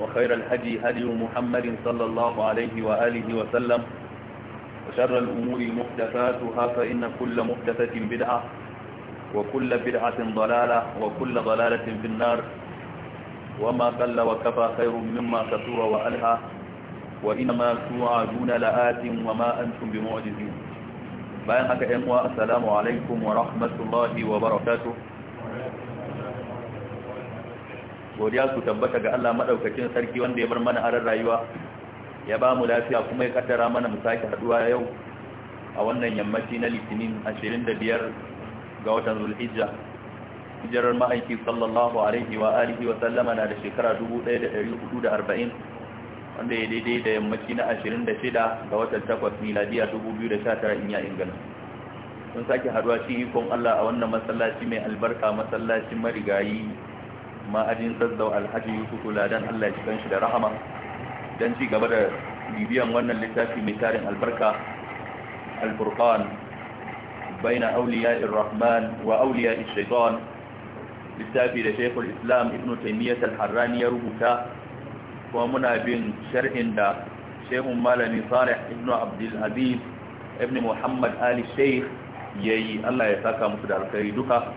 وخير الهدي هدي محمد صلى الله عليه وآله وسلم وشر الأمور محدثاتها فإن كل محدثة بدعة وكل بدعة ضلالة وكل ضلالة في النار وما قل وكفى خير مما كثر وألهى وإنما توعدون لآت وما أنتم بمعجزين بيانك إموى السلام عليكم ورحمة الله وبركاته godiya su tabbata ga Allah madaukakin sarki wanda ya bar mana aran rayuwa ya ba mu lafiya kuma ya kaddara mana mu sake haduwa yau a wannan yammaci na litinin 25 ga watan zulhijja hijirar ma'aiki sallallahu alaihi wa alihi wa sallama na da shekara 1440 wanda ya daidai da yammaci na 26 ga watan 8 miladiya 2019 in ya ingana sun sake haduwa cikin ikon Allah a wannan masallaci mai albarka masallacin marigayi ma'ajin sassau alhaji yusufu ladan allah shi shi da rahama don ci gaba da bibiyan wannan littafi mai tarin albarka alfurkan baina auliya irrahman wa auliya littafi da shekul islam ibn taimiyyat al ya rubuta kuma muna bin shar'in da shehun malami salih ibn abdulaziz ibn muhammad ali sheikh yayi allah ya saka musu da alkhairi duka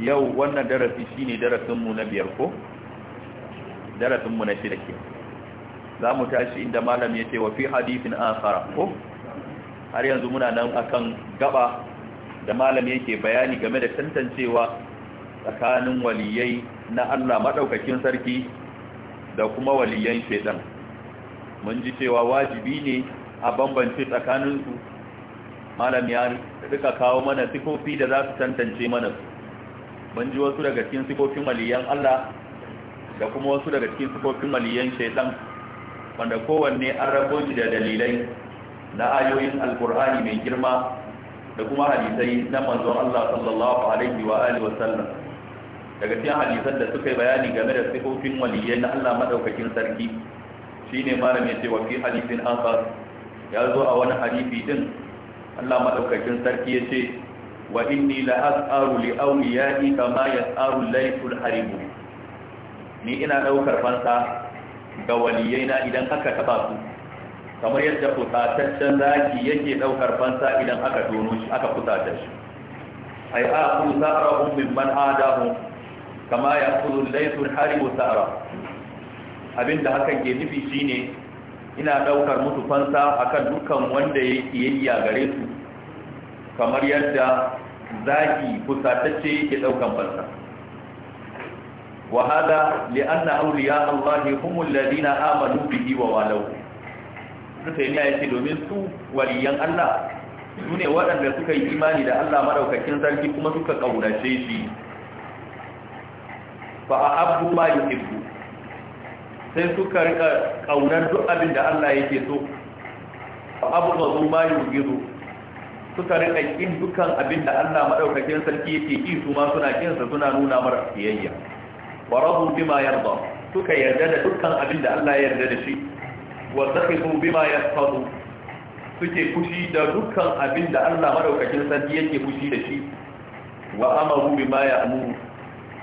yau wannan darasi shi ne darasinmu na biyar ko darasinmu na shida ke za mu tashi inda malam ya ce wa fi hadithin fara ko har yanzu muna nan akan gaba da malam yake bayani game da tantancewa tsakanin waliyai na Allah maɗaukakin sarki da kuma waliyan shaidan mun ji cewa wajibi ne a bambance tsakaninsu malam ya rika kawo mana sifofi da za su tantance mana su Ban ji wasu daga cikin sifofin maliyan Allah da kuma wasu daga cikin sifofin maliyan shaitan wanda kowanne an rabo shi da dalilai na ayoyin alkur'ani mai girma da kuma hadisai na manzon Allah sallallahu alaihi wa alihi wasallam daga cikin hadisan da suka yi bayani game da sifofin waliyyai na Allah madaukakin sarki shine malam ya ce wa fi hadisin akhar ya zo a wani hadisi din Allah madaukakin sarki ya ce wa inni la as'aru li awliyai kama yas'aru laytul harim ni ina daukar fansa ga waliyaina idan aka taba su kamar yadda kusataccen zaki yake daukar fansa idan aka tono shi aka kusata shi ai a kusarahum mimman adahum kama abinda hakan ke nufi shine ina daukar musu fansa akan dukkan wanda yake yayya gare su kamar yadda zaki fusatacce yake daukan fansa wa hada li anna awliya allahi humul ladina amanu bihi wa walaw sai ne yake domin su waliyan Allah su ne waɗanda suka yi imani da Allah madaukakin sarki kuma suka kaurace shi fa ahabbu ma yuhibbu sai suka rika kaunar duk abin da Allah yake so fa abu ma yuhibbu suka rika kin dukan abin da Allah madaukakin sarki yake ki su ma suna kin sa suna nuna mara biyayya wa radu bima yarda suka yarda da dukkan abin da Allah ya yarda da shi wa sakhitu bima yasfadu suke fushi da dukkan abin da Allah madaukakin sarki yake fushi da shi wa amaru bima ya'muru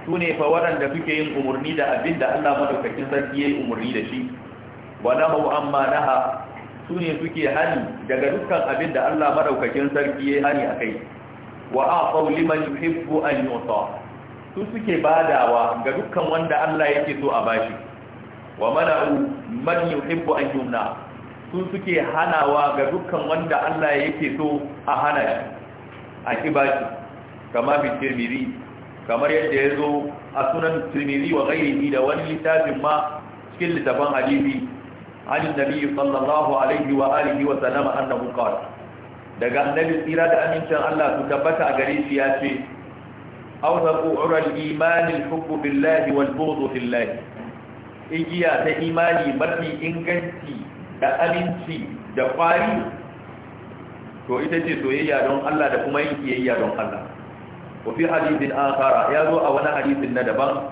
sune fa waɗanda suke yin umarni da abin da Allah madaukakin sarki yayi umarni da shi wa nahu amma naha su ne suke hani daga dukkan abin da Allah madaukakin sarki ya hani a kai wa aqaw man yuhibbu an yuta su suke badawa ga dukkan wanda Allah yake so a bashi wa mana'u man yuhibbu an yumna su suke hanawa ga dukkan wanda Allah yake so a hana shi a kibashi kama bi tirmidhi kamar yadda ya zo a sunan tirmidhi wa ghairihi da wani littafin ma cikin littafin hadisi عن النبي صلى الله عليه وآله وسلم أنه قال daga annabi tsira da amincin Allah su tabbata a gare shi ya ce aw za ku ural imani hubbu billahi wal igiya ta imani mafi inganci da aminci da kwari to ita ce soyayya don Allah da kuma yin kiyayya don Allah wa fi hadithin ya zo a wani hadithin na daban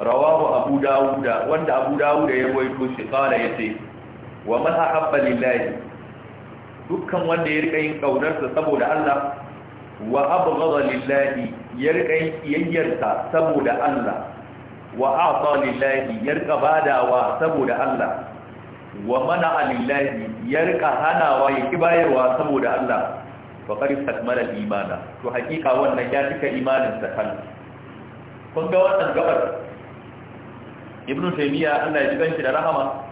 rawahu abu wanda abu dawuda ya rawaito shi kala yace wa man ahabba lillahi dukkan wanda ya riƙa yin ƙaunarsa saboda Allah wa abghadha lillahi ya riƙa yin kiyayyarsa saboda Allah wa a'ta lillahi ya riƙa badawa saboda Allah wa mana a lillahi ya riƙa hanawa ya kibayarwa saboda Allah faƙari takmala imana to haƙiƙa wannan ya cika imanin sa kan kun ga wannan gabar ibnu taymiya Allah ya ji ganshi da rahama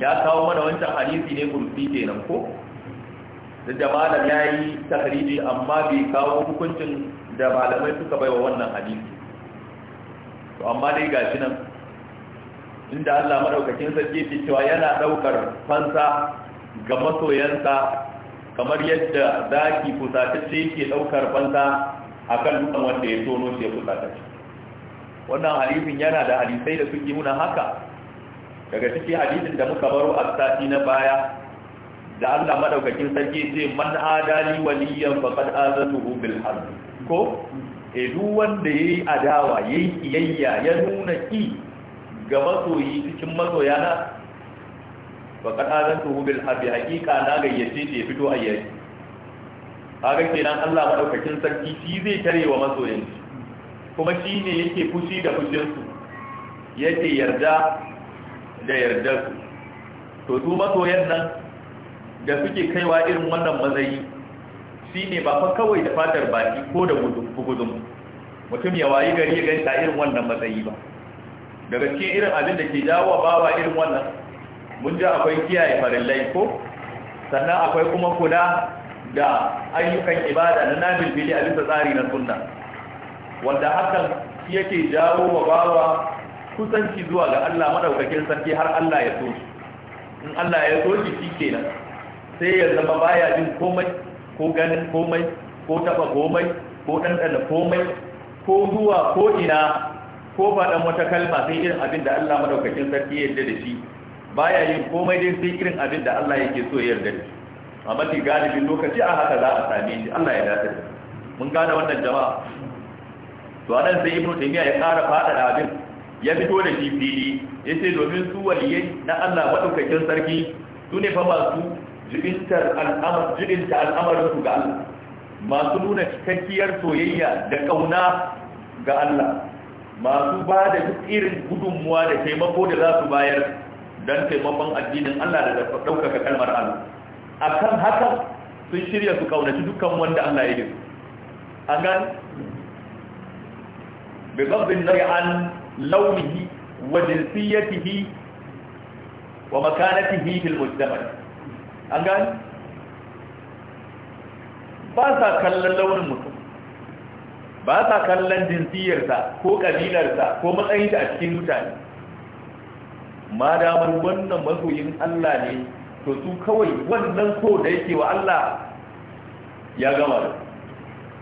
ya kawo mana wancan hadisi ne kurfi kenan ko da malam ya yi tahriji amma bai kawo hukuncin da malamai suka bai wa wannan hadisi to amma dai gashi nan inda Allah madaukakin sarki ke cewa yana daukar fansa ga masoyansa kamar yadda zaki ce ke daukar fansa akan dukkan wanda ya tono shi ya wannan hadisin yana da hadisai da suke nuna haka daga cikin hadisin da muka baro a sati na baya da Allah madaukakin sarki ce man adali waliyan faqad azatuhu bil harb ko e duk wanda yayi adawa yayi kiyayya ya nuna ki ga masoyi cikin masoya na faqad azatuhu bil harb hakika na gayyace ce fito a yayi kaga kenan Allah madaukakin sarki shi zai wa masoyin kuma shi ne yake fushi da su yake yarda da yardar to su masoyan nan da suke kaiwa irin wannan matsayi shine ba fa kawai da fatar baki ko da gudun mutum ya wayi gari ya ganta irin wannan matsayi ba daga cikin irin abin da ke dawo bawa irin wannan mun ji akwai kiyaye farillai ko sannan akwai kuma kula da ayyukan ibada na nabil bili a bisa tsari na sunna wanda hakan yake jawo wa bawa kusanci zuwa ga Allah madaukakin sarki har Allah ya so in Allah ya so shi kenan sai ya zama baya jin komai ko ganin komai ko taba komai ko dandana komai ko zuwa ko ina ko faɗan wata kalma sai irin abin da Allah madaukakin sarki ya yarda da shi baya yin komai dai sai irin abin da Allah yake so ya yarda da shi a mafi galibin lokaci a haka za a same shi Allah ya dace mun gane wannan jama'a to anan sai ibnu taymiya ya ƙara da abin ya fito da shi fili ya ce domin su waliyai na Allah maɗaukakin sarki su ne fa masu al'amarin al'amarinsu ga Allah masu nuna cikakkiyar soyayya da ƙauna ga Allah masu ba da duk irin gudunmuwa da taimako da za su bayar don taimakon addinin Allah da ɗaukaka kalmar Allah a kan hakan sun shirya su ƙaunaci dukkan wanda Allah ya yi an gan nari an launihi wa jinsiyatihi wa makanatihi fil mujtama an gani ba sa kallon launin mutum ba sa kallon jinsiyarsa ko kabilarsa ko matsayinsa a cikin mutane ma damar wannan masoyin Allah ne to su kawai wannan so da yake wa Allah ya gama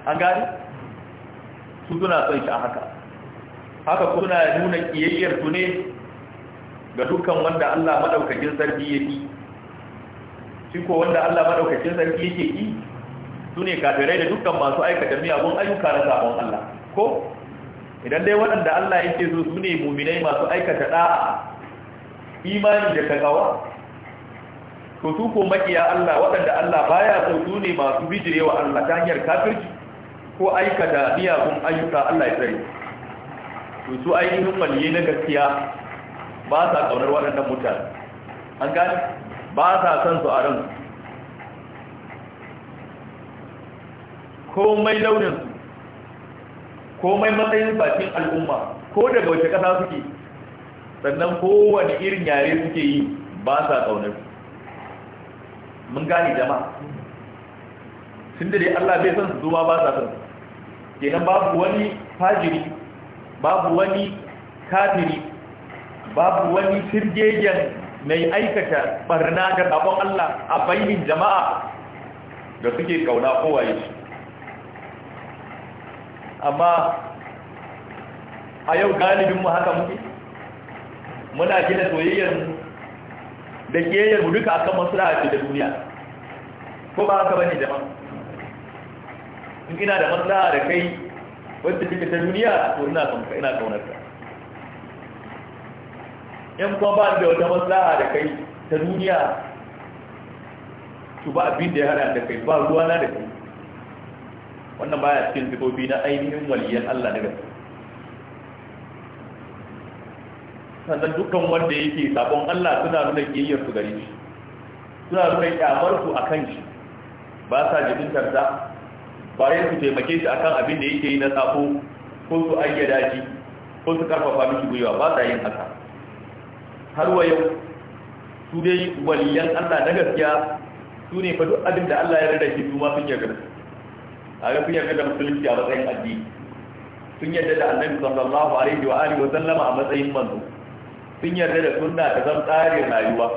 an gani su suna son shi a haka haka kuna nuna kiyayyar su ne ga dukkan wanda Allah madaukakin sarki yake shi ko wanda Allah madaukakin sarki yake yi su ne kafirai da dukkan masu aikata miyagun ayyuka na sabon Allah ko idan dai waɗanda Allah yake so su ne muminai masu aikata da'a imani da kagawa to su ko makiya Allah waɗanda Allah baya so su ne masu bijirewa Allah ta hanyar kafirci ko aikata miyagun ayyuka Allah ya tsare to su ainihin waliye na gaskiya ba sa kaunar waɗannan mutane an gane ba sa son su a ran komai launin komai matsayin bakin al'umma ko daga wace ƙasa suke sannan kowane irin yare suke yi ba sa kaunar mun gane jama. sun da dai Allah bai son su zuwa ba sa son kenan babu wani fajiri babu wani kafiri babu wani firgejen mai aikata barna ga abon Allah a bainin jama'a da suke kauna kowaye shi amma a yau galibinmu haka muke muna gina soyayyarmu da ƙeyarmu duka akan maslahati da duniya ko ba haka bane jama'a in ina da maslaha da kai wadda kika ta duniya to ina son ka ina kaunar ka in kuma ba da wata maslaha da kai ta duniya to ba abin da ya hada da kai ba ruwa na da kai wannan baya cikin dubobi na ainihin waliyan Allah daga sannan dukkan wanda yake sabon Allah suna nuna kiyayyar su gare shi suna nuna kyamar su akan shi ba sa jibin tarza bayan su taimake shi akan abin da yake yi na safo ko su ayyada daji ko su karfafa miki gwiwa ba sa yin haka har wa yau su dai waliyan Allah na gaskiya su ne fa duk abin da Allah ya rada shi su ma sun yarda a ga sun yarda da musulunci a matsayin addini sun yarda da annabi sallallahu alaihi wa alihi wa sallama a matsayin manzo sun yarda da sunna ta zan tsarin rayuwa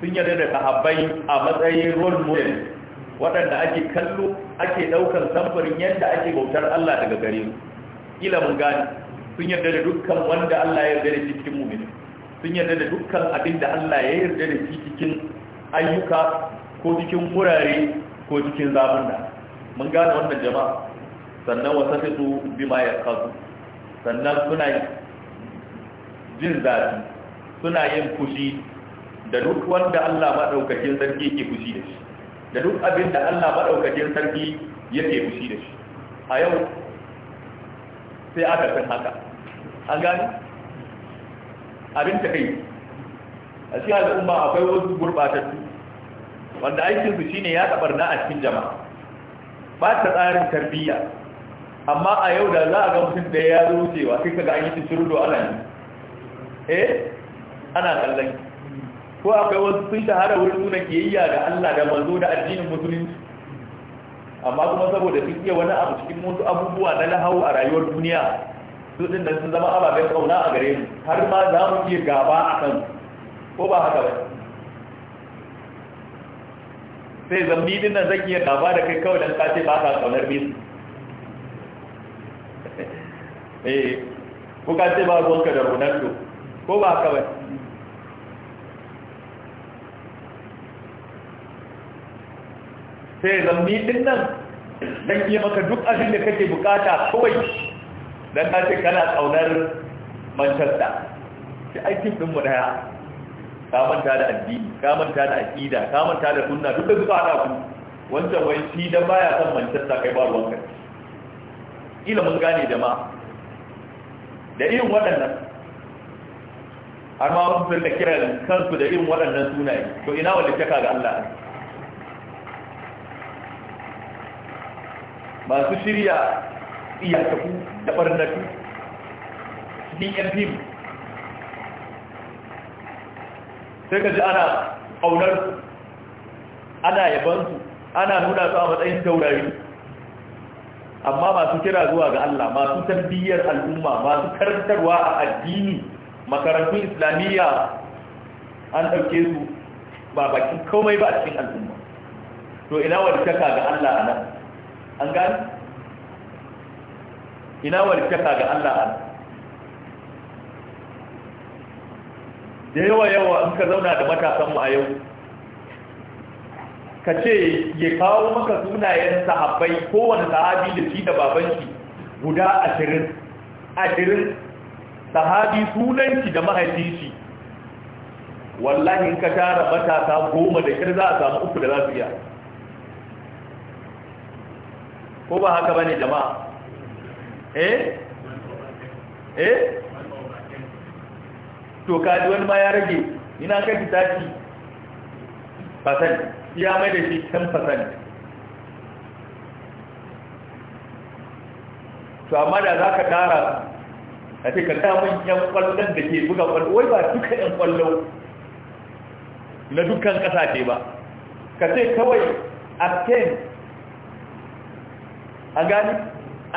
sun yarda da sahabbai a matsayin role model waɗanda ake kallo ake ɗaukar samfurin yadda ake bautar Allah daga gare mu ila mun gane sun yarda da dukkan wanda Allah ya yarda da shi cikin mu'mini sun yarda da dukkan abin da Allah ya yarda da shi cikin ayyuka ko cikin wurare ko cikin zamanna mun gane wannan jama'a sannan ma ya kasu, sannan suna jin zafi suna yin fushi da duk wanda Allah madaukakin sarki ke fushi da shi da duk abin da Allah maɗaukakin sarki yake fushi da shi a yau sai aka san haka an gani abin ta kai a cikin al'umma akwai wasu gurɓatattu wanda aikinsu shine ya na a cikin jama'a ba ta tsarin tarbiyya amma a yau da za a ga mutum da ya zo wucewa sai ga an yi cikin rudo ana yi eh ana kallon ko akwai wasu sun shahara wurin nuna kiyayya da Allah da manzo da addinin musulunci amma kuma saboda sun iya wani abu cikin wasu abubuwa na lahau a rayuwar duniya su din sun zama ababen kauna a gare mu har ma za mu iya gaba a kan ko ba haka ba sai zambi din nan zan iya gaba da kai kawai dan kace ba ka kaunar bisu eh ko kace ba zonka da Ronaldo ko ba haka ba sai zambi din nan dan iya maka duk abin da kake bukata kawai dan ka ce kana kaunar Manchester shi ai team din mu daya ka manta da addini ka manta da aqida ka manta da sunna duk da suka hada ku wancan wai shi da baya san Manchester kai ba ruwan kai ila mun gane jama'a da irin waɗannan har ma wasu sun da kiran kansu da irin waɗannan sunaye to ina wanda shaka ga Allah ne masu shirya iyakaku da barnatu cikin yan sai ka ji ana ƙaunarsu ana yabansu ana nuna su a matsayin taurari amma masu kira zuwa ga Allah masu tarbiyyar al'umma masu karantarwa a addini makarantun islamiyya an ɗauke su ba bakin komai ba a cikin al'umma to ina wadda ga Allah a nan an gani ina warkata ga Allah an da yawa yawa in ka zauna da matasanmu a yau ka ce ya kawo maka sunayen sahabbai kowane sahabi da shi da babanki guda ashirin ashirin sahabi sunanki da mahaifinki wallahi in ka tara matasa goma da kirza a samu uku da za su iya ko ba haka bane jama'a eh eh to kaji wani ma ya rage ina ka ji tafi fasan ya mai da shi kan fasan to amma da za ka ƙara a ce ka damun yan kwallon da ke buga kwallon? wai ba duka yan kwallon na dukkan ce ba ka ce kawai a 10 a gani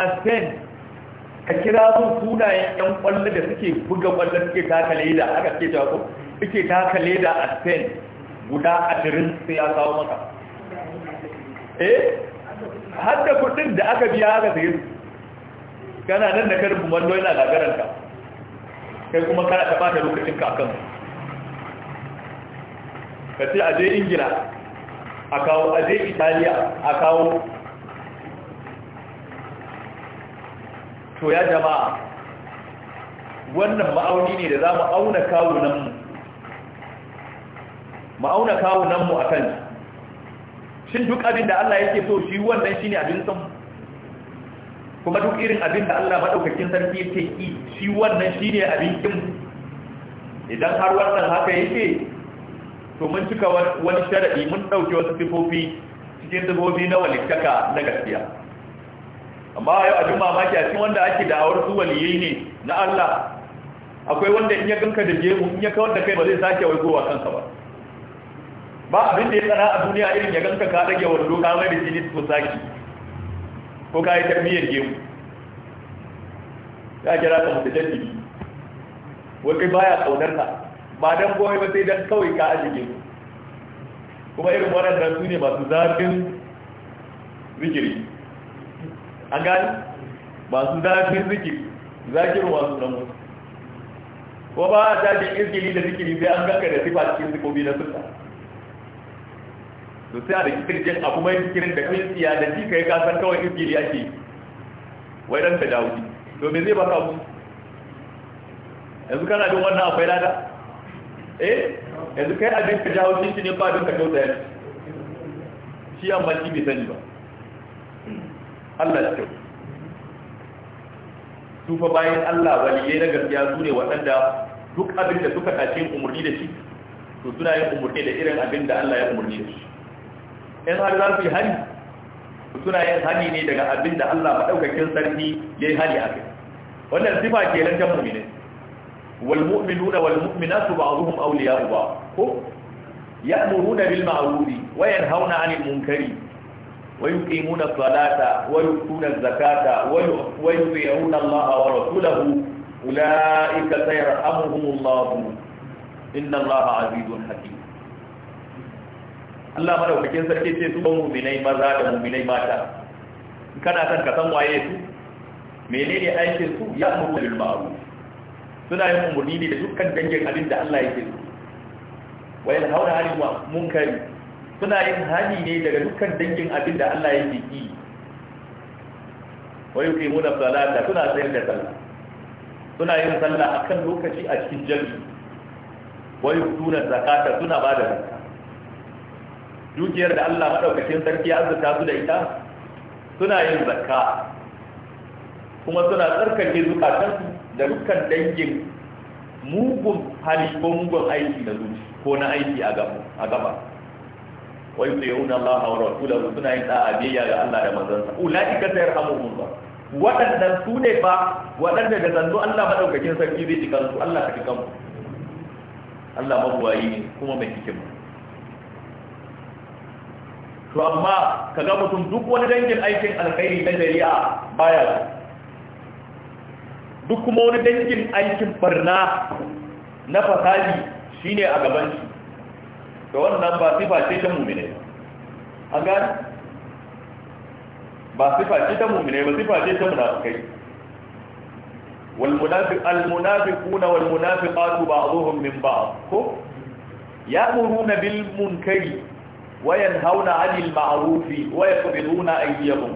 a spain ka kira sun sunayen yan kwallo da suke buga kwallo suke taka leda aka ce ta ko suke taka leda a spain guda dirin sai ya kawo maka eh har da kudin da aka biya aka sayi su kana nan da karin kumando yana gagaranta kai kuma kana taɓa da lokacin kakan ka ce a je ingila a kawo a je italiya a kawo to ya jama'a wannan ma'auni ne da za mu auna kawunanmu ma'auna kawunanmu a kan shin duk abin da Allah yake so shi wannan shi ne abin son kuma duk irin abin da Allah maɗaukakin sarki yake yi shi wannan shi ne abin kin idan har wannan haka yake to mun cika wani sharaɗi mun ɗauke wasu sifofi cikin sifofi na walittaka na gaskiya amma yau abin mamaki a cikin wanda ake da'awar su waliyai ne na Allah akwai wanda in ya ganka da jemu in ya kawar da kai ba zai sake wai gowa kanka ba ba abin da ya tsara a duniya irin ya ganka ka rage wando ka mai da jini ko saki ko ka yi tarbiyyar jemu ya kira ka mutu jini wai kai baya kaunar ka ba dan goyi ba sai dan kawai ka ajiye mu kuma irin waɗannan su ne masu zafin zikiri an gani masu zafin zikiri zakirin masu nan mutu ko ba a tashin izgili da zikiri sai an ganka da sifa cikin zikobi na sunna to sai a da kirkin abu mai zikirin da kirkiya da ji kai ka san kawai izgili ake wai dan ta dawo to me zai baka mu yanzu kana jin wannan akwai lada eh yanzu kai abin ka jawo cikin ne ba don ka kyauta yanzu shi amma shi bai sani ba Allah da kyau. Tufa bayan Allah waliyai na gaskiya su ne waɗanda duk abin da suka tashi yin umarni da shi to suna yin umarni da irin abin da Allah ya umarni da shi in hali za su yi hani suna yin hani ne daga abin da Allah maɗaukakin sarki ya yi hani a kai wannan sifa ke nan jan mu'mini wal mu'minuna wal mu'minatu ba'dhum awliya'u ba'd ko ya'muruna bil ma'ruf wa yanhauna 'anil munkari ويقيمون الصلاة ويؤتون الزكاة ويطيعون الله ورسوله أولئك سيرحمهم الله إن الله عزيز حكيم Allah madaukakin sarki ce su mu'minai maza da mu'minai mata kana san ka san waye su menene aikin su ya amuru bil ma'ruf suna yin umurni ne da dukkan dangin abin da Allah yake so hauna hali 'anil munkari suna yin hali ne daga dukkan dangin abin da Allah yake yi wa yuqimuna salata suna sayar da sallah suna yin sallah a kan lokaci a cikin jami'i wa yuqtuna zakata suna ba da zakka dukiyar da Allah maɗaukacin sarki ya azurta su da ita suna yin zakka kuma suna tsarkake zukatansu da dukkan dangin mugun hali ko mugun aiki na zuci ko na aiki a gaba wa yuti'una Allah wa rasulahu suna yin da'a biyayya ga Allah da manzansa ulaika sayarhamuhum ba. waɗannan su ne fa waɗanda da zanzu Allah madaukakin sarki zai cika su Allah ka ji mu Allah mabuwayi ne kuma mai hikima to amma kaga mutum duk wani dangin aikin alkhairi na jari'a baya su duk kuma wani dangin aikin barna na fasali shine a gaban shi da wannan ba sifa ce ta mumine an gani ba sifa ce ta mumine ba sifa ce ta munafikai والمنافق المنافقون والمنافقات بعضهم من بعض يأمرون بالمنكر وينهون عن المعروف ويقبضون أيديهم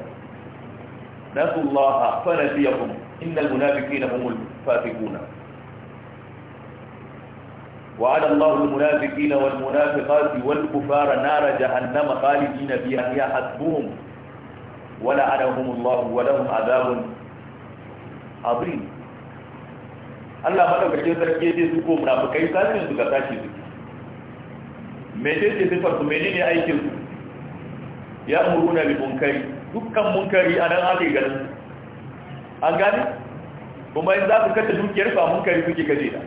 نسوا الله فنسيهم إن المنافقين هم الفاسقون وعلى الله المنافقين والمنافقات والكفار نار جهنم خالدين فيها هي حسبهم ولعنهم الله ولهم عذاب عظيم Allah madaukakin sarki ya su ko munafikai sanin su ga tashi sifar su menene aikin su ya muruna bi munkari dukkan munkari anan ake ganin an gane kuma in za su kata dukiyar fa munkari kuke kaje da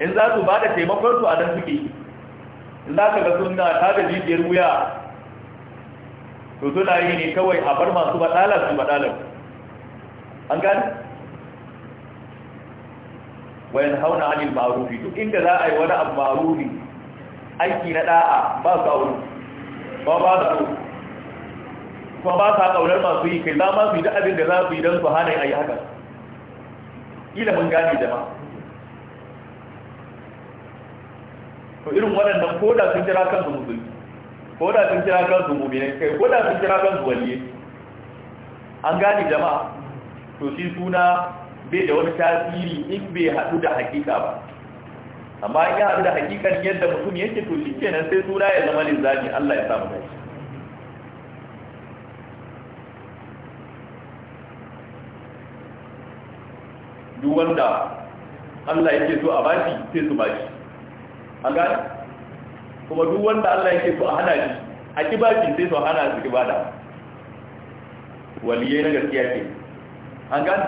in za su ba da taimakon su a nan suke in za ka ga suna ta da jijiyar wuya to suna yi ne kawai a bar masu matsalar su matsalar. an gani wayan hauna anil ma'arufi duk inda za a yi wani abu ma'arufi aiki na ɗa'a ba su auru ba ba su kuma ba su ƙaunar masu yi kai za ma su yi da abin da za su yi don su hana yi a yi haka mun gani jama'a to irin waɗannan ko da sun kira kansu musulmi ko da sun kira kansu mu'minai kai ko da sun kira kansu waliye an gane jama'a to shi suna bai da wani tasiri in bai haɗu da hakika ba amma in ya haɗu da hakikan yadda mutum yake to shi kenan sai suna ya zama linzami Allah ya mu gaishe duk wanda Allah yake so a bashi sai su bashi an gane kuma duk wanda Allah yake so a hana shi a shi sai so hana su ibada waliyai na gaskiya ke an gane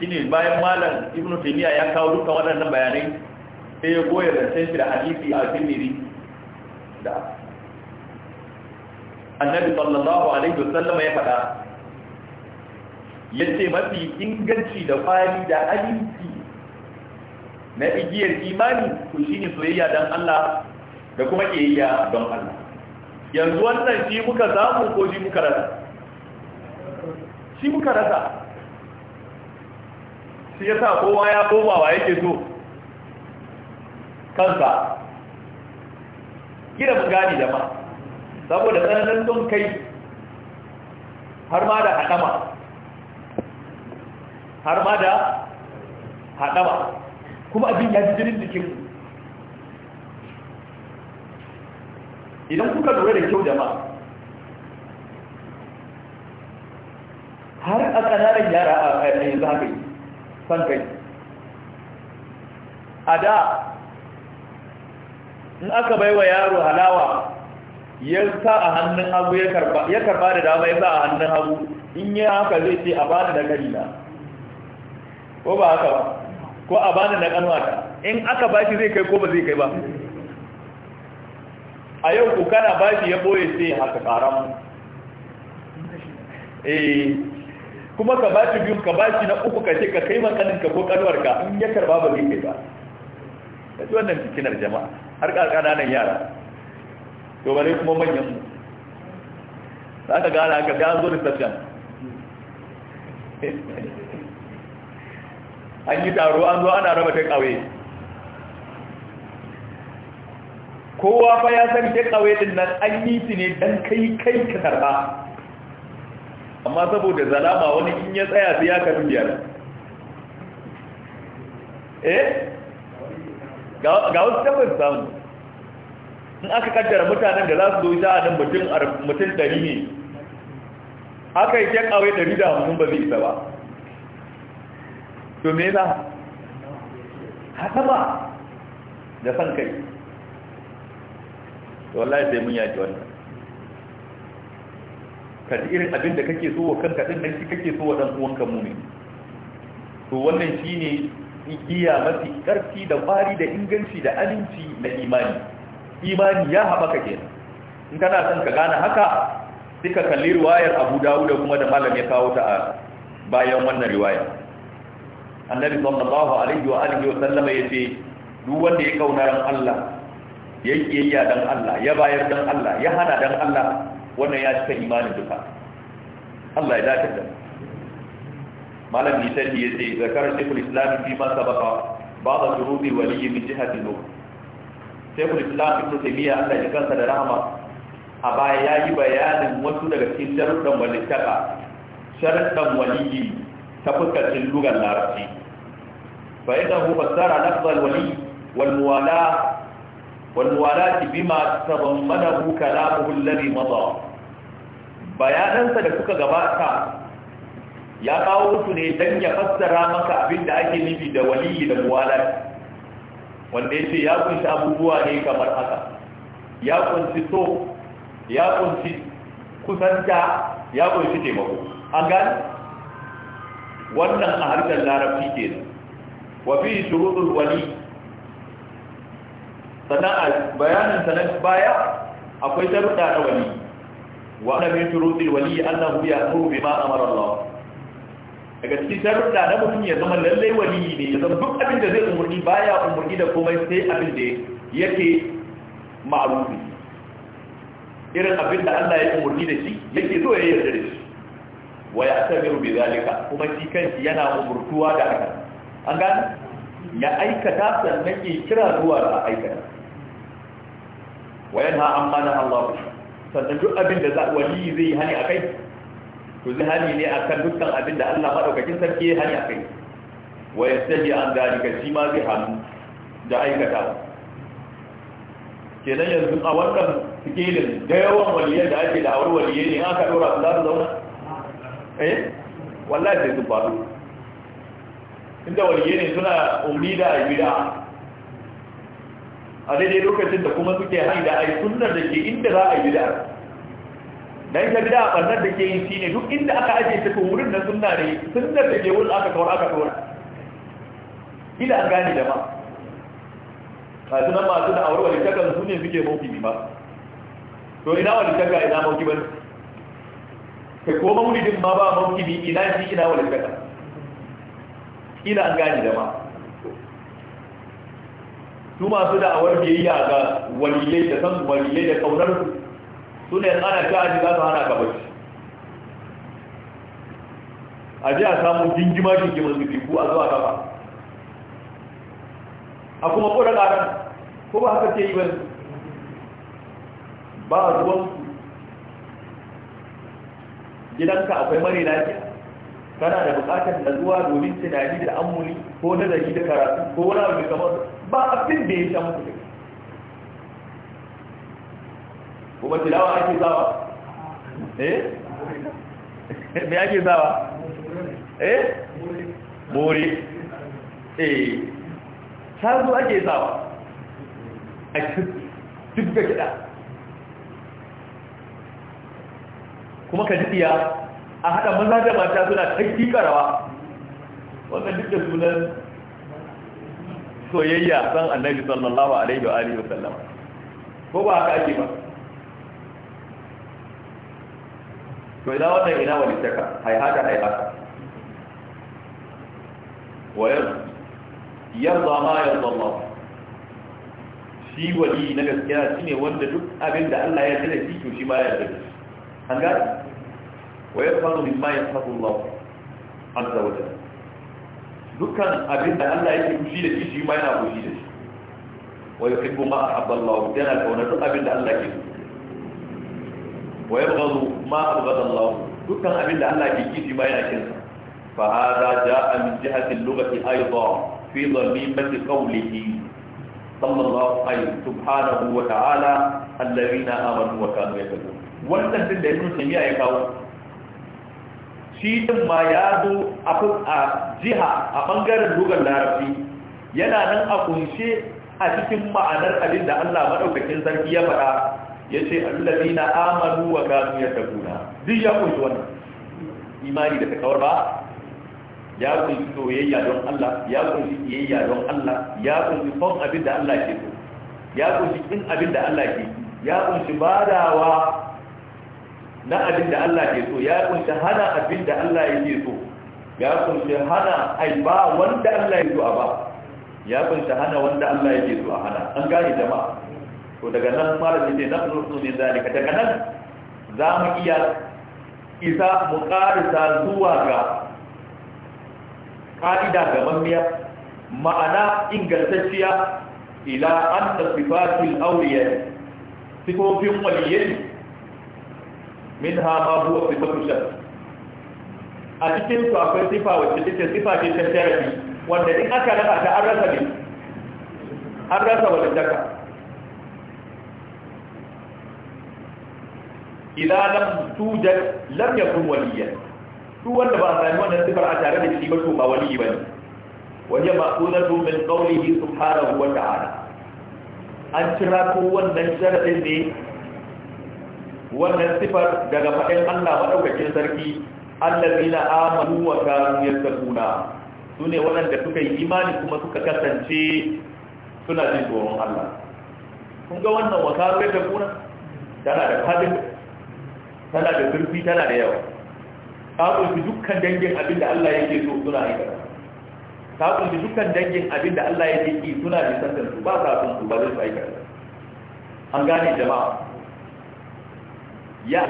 shine bayan malam ibnu taymiya ya kawo dukkan waɗannan bayanai sai ya goya da shi da hadisi a tirmidhi da annabi sallallahu alaihi wasallam ya faɗa yace mafi inganci da fari da alim na igiyar imani shi shine soyayya dan Allah da kuma kiyayya don Allah yanzu wannan shi muka samu ko shi muka rasa shi muka rasa shi yasa kowa ya koma wa yake so kansa gina mun gani da ma saboda tsananin don kai har ma da haɗama har ma da haɗama kuma abin ya ji da jikin ku idan kuka lura da kyau jama'a har a tsananin yara a yanzu haka yi san kai a da in aka bai wa yaro halawa ya sa a hannun hagu ya karba da dama ya sa a hannun hagu in yi haka zai ce a bada da kari na ko ba haka ba ko a bani na kanuwata in aka bashi zai kai ko ba zai kai ba a yau ku kana bashi ya boye sai haka karamu eh kuma ka bashi biyu ka bashi na uku ka ce ka kai ka ko kanwarka in ya karba ba zai kai ba da wannan cikinar jama'a har nan yara to bare kuma manyan mu za ka gana ka gano reception an yi taro an zo ana raba takeaway kowa fa ya san takeaway din nan an yi shi ne dan kai kai ka karba amma saboda zalama wani in ya tsaya sai ya karbi biyar eh ga wasu tabbas samu in aka kaddara mutanen da za su zo nan mutum 100 ne aka yi da 150 ba zai isa ba to me za ba da san kai to wallahi sai mun yaji wannan ka ji irin abin da kake so wa kanka din nan kake so wa dan uwanka mu ne to wannan shine iya mafi karfi da bari da inganci da aminci na imani imani ya haɓaka kenan in kana son ka gane haka sai ka kalli riwayar Abu Dawud kuma da malam ya kawo ta a bayan wannan riwaya annabi sallallahu alaihi wa alihi wa sallama yace duk wanda ya kauna ran Allah ya kiyayya dan Allah ya bayar dan Allah ya hana dan Allah wannan ya cika imanin duka Allah ya dace da malam sai ya ce zakar shekul islam fi ma sabaka ba'da shuruti waliyyi min jihati nur shekul islam ibn taymiya Allah ya kansa da rahama a baya ya yi bayanin wasu daga cikin sharuɗan walittaka sharuɗan waliyyi ta fuskacin lugar larabci fa yadda hu fassara lafzal wali wal muwala wal muwalati bima tabammanahu kalamuhu alladhi mada bayanansa da kuka gabata ya kawo musu ne dan ya fassara maka abin da ake nufi da wali da muwala wanda yace ya kunshi abubuwa ne kamar haka ya kunshi so ya kunshi kusanta ya kunshi taimako an gani wannan a harkar larabci ke nan wa fi shurutul wali sana'a bayanin sanan baya akwai sharuɗa na wali wa ana fi shurutul wali annahu ma bima amara Allah daga cikin sharuɗa na mutum ya zama lallai wali ne ya zama duk abin da zai umurni baya umurni da komai sai abin da yake ma'rufi irin abin da Allah ya umurni da shi yake so ya yarda da shi Waya ya tabiru bi zalika kuma shi kanshi yana umurtuwa da haka an gane ya aikata sannan ya kira zuwa ga aikata Wayan ha amma na Allah sannan duk abin da za wali zai hani akai to zai hani ne akan dukkan abin da Allah madaukakin sarki hani akai waya yastahi an zalika shi ma zai hannu da aikata kenan yanzu a wannan sikelin da yawan waliyar da ake da awar waliyai ne aka dora su za su zauna eh wallahi sai sun faru inda waliyye ne suna umri da gida a daidai lokacin da kuma suke da a yi sunar da ke inda za a yi da dan ka bid'a bannar da ke yi ne duk inda aka ajiye ta wurin na suna ne sunar da ke wurin aka kawar aka kawar ila an gane da ma a sunan masu da aure wani takan su ne suke mafi ba to ina wani taka ina mafi ba koma ko din ma ba bi ina shi ina wani daga ina an gani da ma su masu da awar biyayya ga waliyai da san waliyai da kaunar su su ne tsana ta aji za su hana ka bacci a ji a samu jingima jingimin zubiku a zuwa kafa a kuma kodaka ko ba haka ce yi ba ba a zuwan gidanka akwai mare lafiya kana da bukatar zuwa domin tunani da amuli ko nazari da karatu ko wani abu kamar ba abin da ya samu muku kuma tilawa ake zawa eh me ake zawa eh bore eh tazo ake zawa a duk da kiɗa kuma ka ji a haɗa maza da mata suna taiki karawa wannan duk da sunan soyayya san annabi sallallahu alaihi wa alihi wasallam ko ba ka ake ba to ina wannan ina wani taka haihata haka wa yarda ma yarda Allah shi wali na gaskiya shine wanda duk abin da Allah ya tsare shi to shi ma ya tsare an ga ويفعل مما يحفظ الله عز وجل dukkan abin da Allah yake kushi da shi shi ma yana fushi da shi wa yuhibbu ma ahabba Allah yana kauna duk abin da Allah ke wa yabghadu ma abghada Allah dukkan abin da Allah ke kishi ma yana kin sa fa hada jaa min jihati al-lughati ayda fi dhammati qawlihi sallallahu alaihi subhanahu wa ta'ala alladhina amanu wa kanu yattaqun wannan din da Ibn Taymiyyah ya kawo shi din ma ya zo a jiha a bangaren lugar larabci yana nan a kunshe a cikin ma'anar abin da allah maɗaukakin sarki ya faɗa ya ce allazi na amanu wa gano ya tabuna duk ya kunshi wannan imani da takawar ba ya kunshi soyayya don allah ya kunshi iyayya don allah ya kunshi fon abin da allah ke so ya kunshi in abin da allah ke ya kunshi badawa na abin da Allah ke so ya kunshi hana abin da Allah yake so ya kunshi hana ai ba wanda Allah yake so a ba ya kunshi hana wanda Allah yake so a hana an gane jama'a to daga nan malami ne na nutsu ne zalika daga nan za mu iya isa mu karisa zuwa ga ka'ida ga mamiya ma'ana ingantacciya ila an tasfifatul awliya sifofin waliyyi min ha ma huwa sifatu shar a cikin su akwai sifa wacce cikin sifa ce ta therapy wanda in aka rasa ta an rasa ne an rasa wata daka idan lam tujad lam yakun waliyan su wanda ba a sami wannan sifar a tare da shi ba to ba wali bane waje su min qawlihi subhanahu wa ta'ala an kira ko wannan sharadin ne wannan sifar daga faɗin Allah maɗaukakin sarki allazina amanu wa kanu yattaquna sune waɗanda suka yi imani kuma suka kasance suna jin tsoron Allah kun ga wannan wa kanu yattaquna tana da fadin tana da zurfi tana da yawa ta kunshi dukkan dangin abin da Allah yake so suna aikata ta kunshi dukkan dangin abin da Allah yake yi suna nisantar su ba sa sun su ba zai su aikata an gane jama'a ya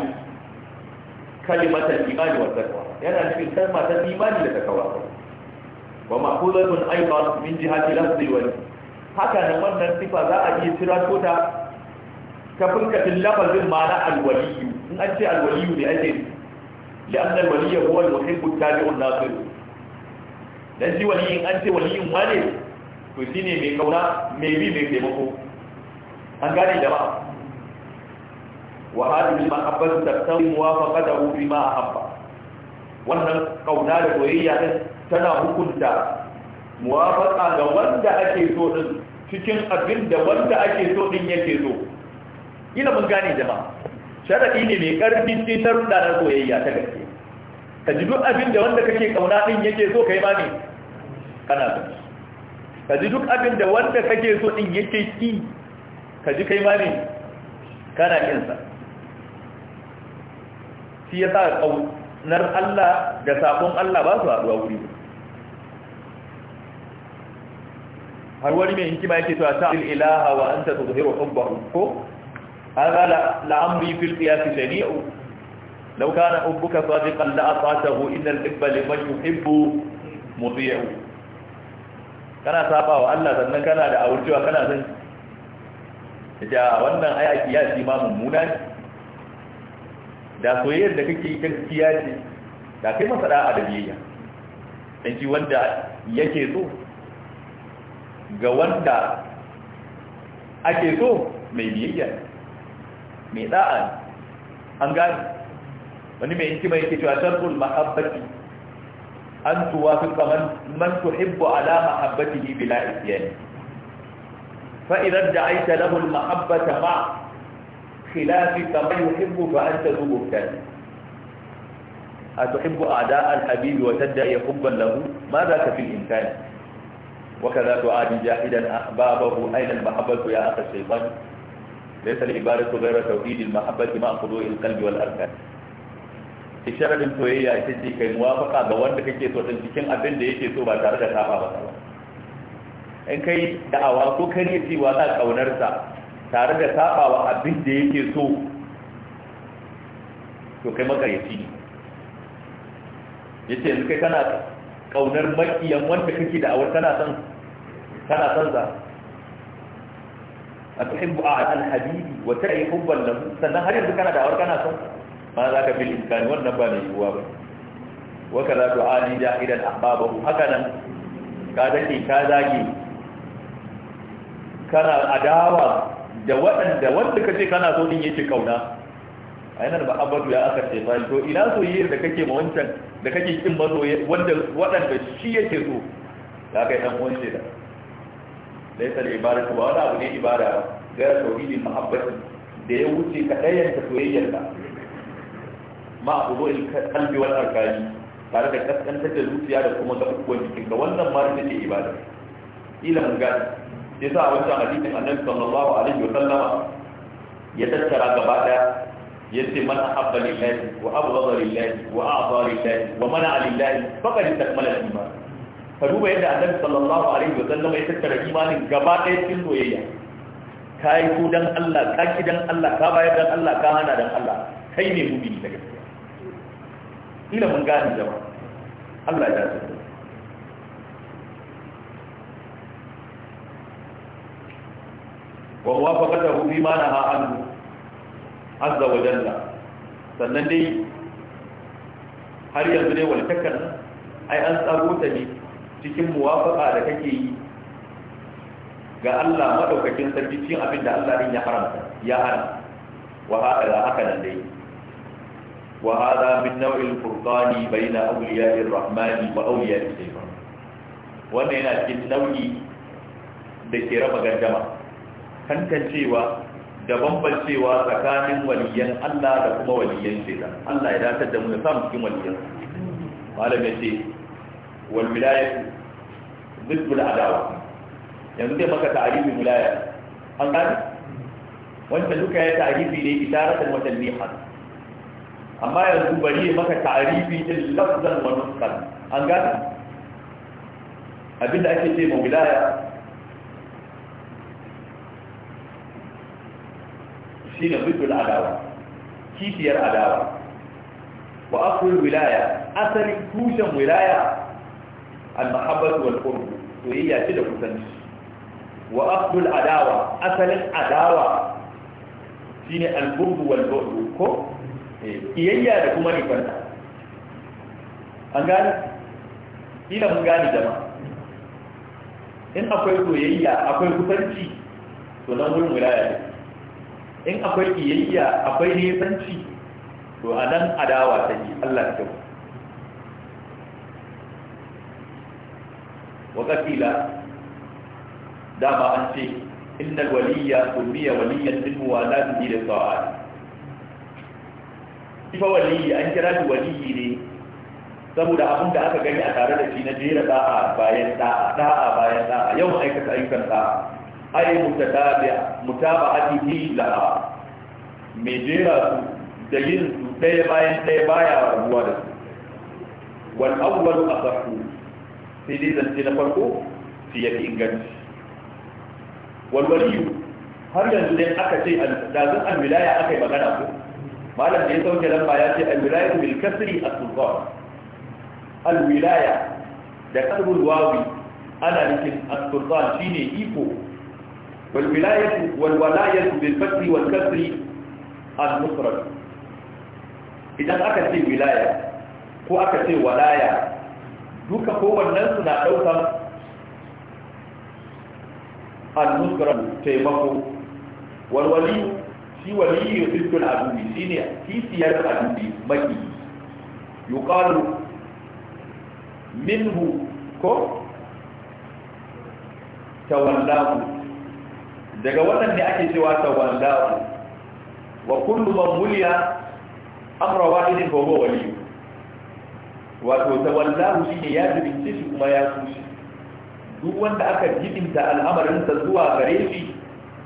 kalimatan imani wa taqwa yana nufin kalma ta imani da takawa wa ma'qulatun aidan min jihati lafzi wa haka nan wannan sifa za a yi tirato ta ta fuskatin lafazin na alwaliyu in an ce alwaliyu ne ake li'anna alwaliya huwa almuhibbu tabi'un nasir dan shi in an ce waliyin wane to shine mai kauna mai bi mai taimako an gane da ba وهذه المحبة تقتضي موافقته فيما أحب wannan kauna da soyayya din tana hukunta muwafaqa ga wanda ake so din cikin abin da wanda ake so din yake so ina mun gane jama'a sharadi ne mai karfin titar da na soyayya ta gaske ka ji duk abin da wanda kake kauna din yake so kai ma ne kana so ka ji duk abin da wanda kake so din yake ki ka ji kai ma ne kana kinsa shi ya sa ƙaunar Allah da sabon Allah ba su haɗuwa wuri ba. har wani mai hikima yake cewa ta ilaha wa anta tuzhiru ba ko hadha la'amri fil qiyas shani'u law kana hubbuka sadiqan la atatahu innal hubba liman yuhibbu yau. kana saba wa Allah sannan kana da aurcewa kana san ja wannan aya kiyasi ma mummuna ne da soyayyar da kake yi gaskiya ce da kai masa da'a da biyayya dan shi wanda yake so ga wanda ake so mai biyayya mai da'a an gani wani mai hikima yake cewa shartul mahabbati an fi man man tuhibbu ala mahabbatihi bila isyan fa idan da'aita lahu al mahabbata ma خلافك من يحب فأنت ذو مبتد أتحب أعداء الحبيب وتدعي حبا له ما ذاك في الإمكان وكذا تعادي جاحدا أحبابه أين المحبة يا أخي الشيطان ليس العبارة غير توحيد المحبة مع خضوع القلب والأركان sharadin soyayya ita ce kai muwafaka ga wanda kake so don cikin abin da yake so ba tare da saba ba in kai da'awa ko kare cewa za kaunar sa tare da sabawa abin da yake so to kai makaryaci ne yace yanzu kai kana kaunar makiyan wanda kake da awar kana san kana san sa atuhibbu al habibi wa ta'i hubban lahu sannan har yanzu kana da awar kana san ma za ka bil imkani wannan ba mai yiwuwa ba wa kaza du'ani jahidan ahbabahu haka nan ka dake ka zage kana adawa da waɗanda wanda ka ce kana so din yake kauna a yanar ba abadu ya aka ce bayan to ina so yi da kake ma wancan da kake kin ba wanda waɗanda shi yake so ya kai ɗan uwan shi da laisa da ibada ba wani abu ne ibada ga tauhidin mahabbati da ya wuce ka ɗayan ta soyayyar ka ma abu kalbi wani alkali tare da kaskantar da zuciya da kuma ga ukuwan jikin ka wannan ma ita ce ibada ilan gani yasa a wancan hadisin annabi sallallahu alaihi wa sallam ya tattara gaba daya yace man ahabba lillahi wa abghadha lillahi wa a'dha lillahi wa mana'a lillahi faqad takmala al-iman fa duba yadda annabi sallallahu alaihi wa sallam ya tattara imanin gaba daya cikin soyayya kai ku dan Allah ka ki dan Allah ka bayar dan Allah ka hana dan Allah kai ne mu'mini da gaskiya ila mun gani jama'a Allah ya tsare wa wafaqatahu fi ma naha anhu azza wa jalla sannan dai har yanzu dai waltakan ai an tsaro ta ne cikin muwafaqa da kake yi ga Allah madaukakin sarki cikin abin da Allah din ya haramta ya haramta wa hada haka nan dai وهذا من نوع الفرقان بين أولياء Wannan yana cikin nau'i da ke raba مقدمة tantancewa da bambancewa tsakanin waliyan Allah da kuma waliyan shaitan Allah ya dace da mu da samu cikin waliyan malam ya ce wal wilayatu zidbul adawa yanzu dai maka ta'arifi wilaya an gane wanda duka ya ta'arifi ne idaratan wa tanbihan amma yanzu bari ya maka ta'arifi din lafzan wa nuskan an gane abinda ake ce ma wilaya shi ne zubin adawa kishiyar adawa wa akwai wilaya asalin tushen wilaya al-mahabbatu wal qurb soyayya ce da kusanci wa akwai adawa asalin adawa ne al-qurb wal bu'd ko eh, iyayya da kuma nifanta an gani? ina mun gani jama'a in akwai soyayya akwai kusanci to nan wurin wilaya ne in akwai iyayya akwai nisanci to a nan adawa ta yi Allah kyau fila, dama an ce inda waliyya kulmiya waliyyar dinuwa na dubi da sa'a ifa waliyyi an kira shi waliyyi ne saboda abin da aka gani a tare da shi na jera da'a bayan da'a da'a bayan da'a yau aikata ayyukan da'a ai mutatabi'a mutaba'atihi laha me jera su da yin su ɗaya bayan ɗaya baya rabuwa da su wal awwal asahu sai dai zance na farko su yafi inganci wal waliyu har yanzu dai aka ce dazun alwilaya aka yi magana ko malam da ya sauke lamba ya ce alwilaya bil kasri as-sultan alwilaya da kalbul wawi ana nufin as-sultan shine iko والولاية والولاية بالفتح والكسر المفرد إذا أكت ولاية ko aka ce walaya duka kowannen su na ɗaukar al taimako walwali shi waliyi yusufu al-adubi shine kisiyar maki yuqalu minhu ko tawallahu daga waɗanda ake cewa tawallahu wa kullu man muliya amra wahidin fa huwa wali wato tawallahu shine ya jibince shi kuma ya kushi duk wanda aka jibinta al'amarin sa zuwa gare shi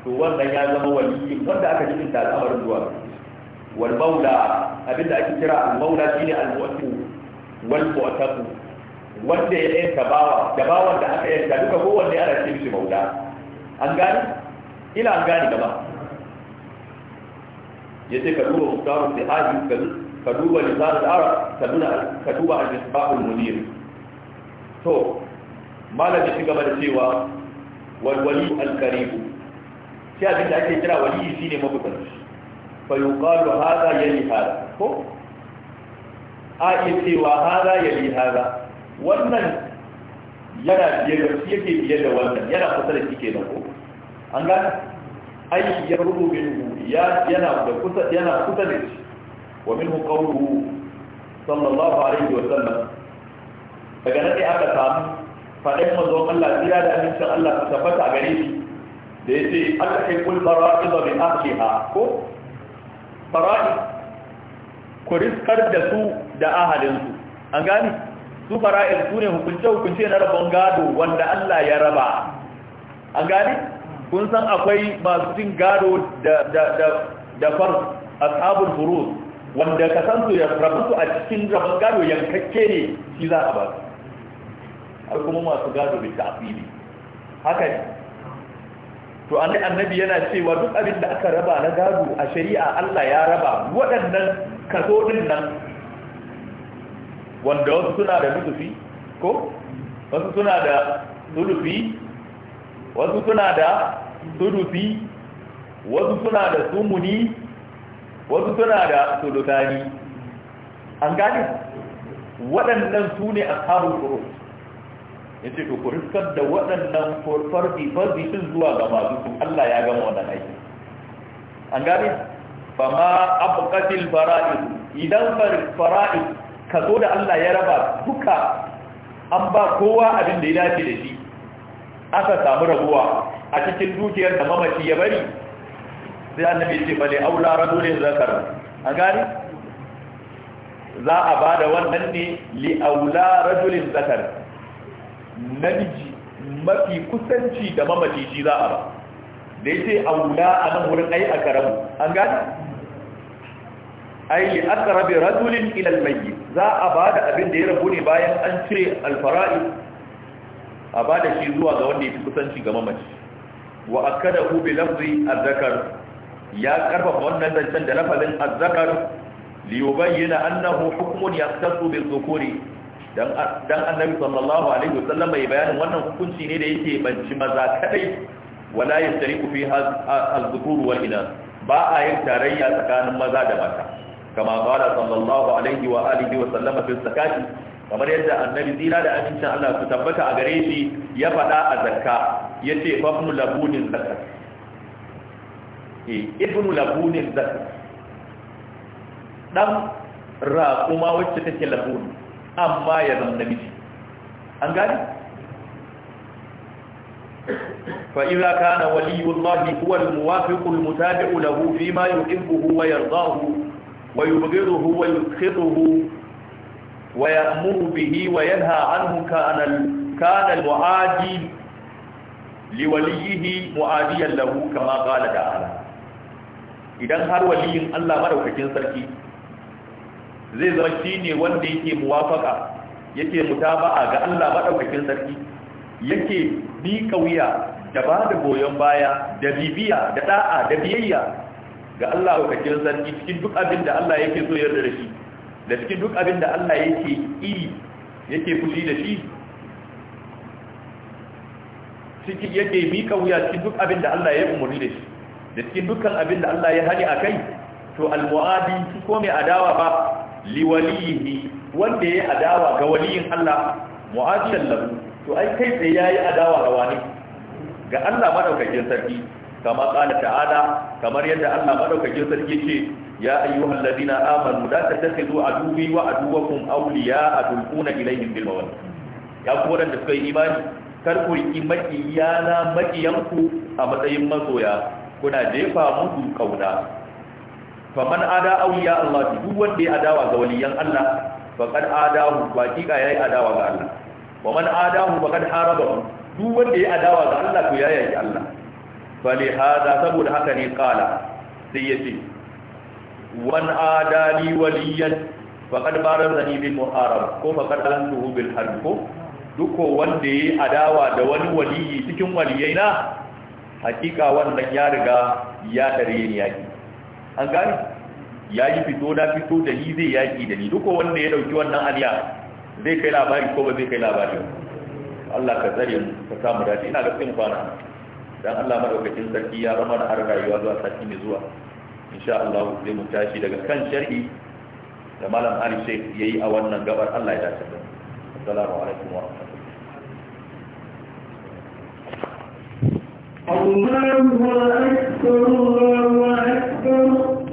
to wannan ya zama wali wanda aka jibinta al'amarin zuwa gare shi wal maula abinda ake kira al maula shine al mu'tu wal mu'taku wanda ya yanka bawa da bawan da aka yanka duka kowanne ana ce mishi maula an gani ila an gane gaba ya ce ka duba mutarun da haji ka duba lisanin arab ka duba al-misbahul munir to malam ya gaba da cewa walwali al-karibu sai abinda da ake kira wali shine mabukanci fa yuqalu ya yi hadha ko a iya cewa hadha yali hadha wannan yana biyar da yake biye da wannan yana kusa da shi kenan ko an gane ai ya rubu minhu ya yana da kusa yana kusa da shi wa minhu qawluhu sallallahu alaihi wa sallam daga nan aka samu fadin manzon Allah tsira da amincin Allah ta tabbata a gare shi da yace Allah kai kul fara'id bi ahliha ko fara'id ku riskar da su da ahalinsu an gani su fara'id su ne hukunce hukunce na rabon gado wanda Allah ya raba an gani kun san akwai masu cin gado da far a sabon furuz wanda ka san su ya rabu su a cikin rabon gado yankakke ne shi za a ba su kuma masu gado bai ta'afili haka ne to annabi yana cewa duk abin da aka raba na gado a shari'a Allah ya raba waɗannan kaso nan wanda wasu suna da nufi ko wasu suna da nufi wasu suna da sudusi wasu suna da sumuni wasu suna da sudutani an gane waɗannan su ne a sabon kuro, ya ce ku riskar da waɗannan farfi farfi sun zuwa ga masu sun Allah ya gama wannan aiki an gane ba ma abuƙatil fara'id idan fara'id ka zo da Allah ya raba duka an ba kowa abin da ya dace da shi aka samu rabuwa a cikin dukiyar da mamaci ya bari sai annabi ce bale aula rajulin zakar an gani za a ba da wannan ne li aula rajulin zakar namiji mafi kusanci da mamaci shi za a ba da yace aula a nan wurin ai akarabu an gani ai li akrabi rajulin ila al-mayyit za a ba da abin da ya rabu ne bayan an cire al-fara'i a ba da shi zuwa ga wanda ya fi kusanci ga mamaci wa akada da bi lafzi azzakar ya karfafa wannan zancen da lafazin azzakar li yubayyana annahu hukmun yaqtasu bil dhukuri dan dan annabi sallallahu alaihi wasallam bai bayanin wannan hukunci ne da yake banci maza kadai wala yastariku fi al dhukur wal inath ba a yin tarayya tsakanin maza da mata kama qala sallallahu alaihi wa alihi wa sallama fil kamar yadda annabi zina da amincin Allah su tabbata a gare shi ya faɗa a zakka ya ce ibnu labunin zakka eh ibnu labunin zakka dan raƙuma wacce take labun amma ya zama namiji an gani فإذا كان ولي الله هو الموافق المتابع له فيما يحبه ويرضاه ويبغضه ويسخطه ويأمر به وينهى عنه كان كان المعادي liwaliyihi mu'adiyan lahu kama qala idan har waliyin Allah madaukakin sarki zai zama ne wanda yake muwafaka yake mutaba'a ga Allah madaukakin sarki yake bi kauya da ba da goyon baya da bibiya da da'a da biyayya ga Allah madaukakin sarki cikin duk abin da Allah yake so yarda da shi da cikin duk abin da Allah yake iri yake fushi da shi cikin yake mika wuya cikin duk abin da Allah ya umarni da shi da cikin dukkan abin da Allah ya hani a kai to al-mu'adi ko mai adawa ba liwalihi wanda ya adawa ga waliyin Allah mu'adiyan lahu to ai kai tsaye yi adawa ga wani ga Allah madaukakin sarki kama qala ta'ala kamar yadda Allah madaukakin sarki ce يا أيها الذين آمنوا لا تتخذوا عدوي وعدوكم أولياء تلقون إليهم بالمودة يا قولا تسكي إيمان karku riƙi maƙiyana maƙiyanku a matsayin masoya kuna jefa musu ƙauna faman ada auliya Allah duk wanda ya adawa ga waliyan Allah faqad adahu waqiqa yayi adawa ga Allah wa man adahu faqad haraba duk wanda ya adawa ga Allah Allah saboda haka ne kala, sai yace wan adali waliyan faqad zani bil muharram ko faqad alantuhu bil harb ko duko wanda yi adawa da wani waliyi cikin waliyaina hakika wannan ya riga ya dare ni yaki an gani yi fito na fito da ni zai yaki da ni duko wanda ya dauki wannan aliya zai kai labari ko ba zai kai labari Allah ka tsare mu ka mu dace ina ga tsin kwana dan Allah madaukakin sarki ya rama da har rayuwa zuwa sarki mai zuwa insha Allah zai mu tashi daga kan sharhi da malam Ali Sheikh yayi a wannan gabar Allah ya dace da assalamu alaikum wa rahmatullahi Allahu akbar Allahu akbar